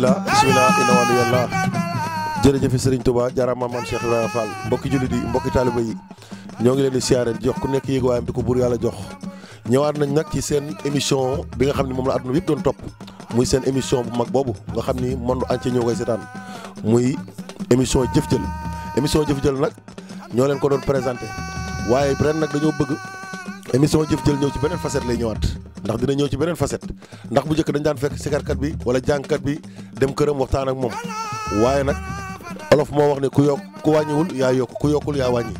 bisimilah bisimilah inna waliyallah jërëjëf Serigne Touba jaaraama maam Cheikh Ibrahima Fall mbokki jullit yi mbokki taaliba yi ñoo ngi leen di siyaare jox ku nekk yéeguwaayam di ko buur yàlla jox ñëwaat nañ nag ci seen émission bi nga xam ne moom la àdduna yëpp doon topp muy seen émission bu mag boobu nga xam ni monde entier ñoo koy seetaan muy émission jëf jël émission jëf jël nag ñoo leen ko doon présenté waaye ren nag dañoo bëgg émission jëf jël ñëw ci beneen facette lay ñëwaat ndax dina ñëw ci nak facette ndax bu jëk dañ daan fekk sikarkat bi wala jankat bi dem kërëm waxtaan ak mom waye nak olof mo wax ni ku yok, ku wàññiwul ya yok ku yokul ya wañi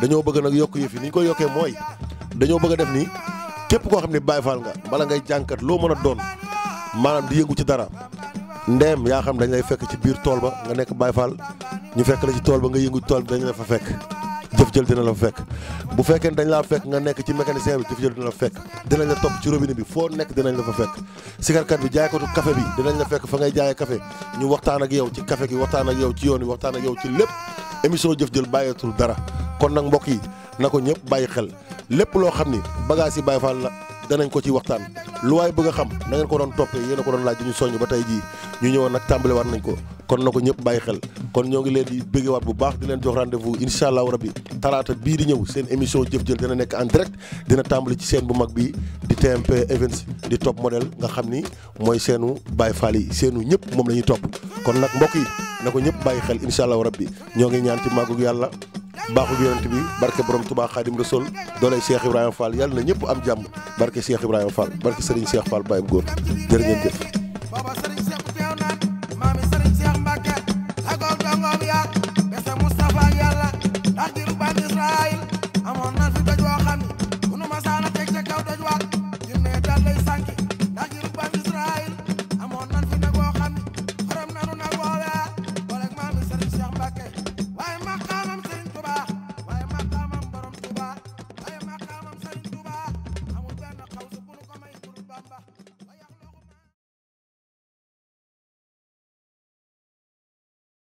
dañoo bëgg nak yok yëf ni ko yoké moy dañoo bëgg def ni képp ko xamni bay bàyyi nga bala ngay jankat lo mën a doon manam di yëngu ci dara ndem ya xam dañ lay fekk ci biir tool ba nga nekk bay faal ñu fekk la ci tool ba nga yëngu tool dañ la fa fekk jëf jël dina la fekk bu fekkee ne dañ laa fekk nga nekk ci mécanicien bi jëf jël dina la fekk dinañ la topp ci robinet bi foo nekk dinañ la fa fekk sikarkat bi jaaykatu café bi dinañ la fekk fa ngay jaaye kafe ñu waxtaan ak yow ci kafe gi waxtaan ak yow ci yoon wi waxtaan ak yow ci lépp émission jëf jël bàyyeetul dara kon nag mbokk yi na ko ñëpp bàyyi xel lépp loo xam ni bagage yi Baye Fall la danañ ko ci waxtaan lu waay bëgg a xam na ko doon toppee yéen a ko doon laaj ñu soññ ba tey jii ñu ñëwoon nag tàmbale war nañ ko kon na ko ñëpp bàyyi xel kon ñoo ngi leen di waat bu baax di leen jox rendez-vous incha allahu bi talaata bii di ñëw seen émission jëf-jël dina nekk en direct dina tàmbali ci seen bu mag bi di TMP Events di top model nga xam ni mooy seenu Baye Fall yi seenu ñëpp moom la ñuy topp kon nag mbokk yi na ko ñëpp bàyyi xel incha allahu bi ñoo ngi ñaan ci màggug yàlla baaxu yonent bi barke borom Touba Khadim Rasoul doolay Cheikh Ibrahima Fall yàlla na ñëpp am jàmm barke Cheikh Ibrahima Fall barke Serigne Cheikh Fall Baye bu góor jërë ngeen jëf Israël amoon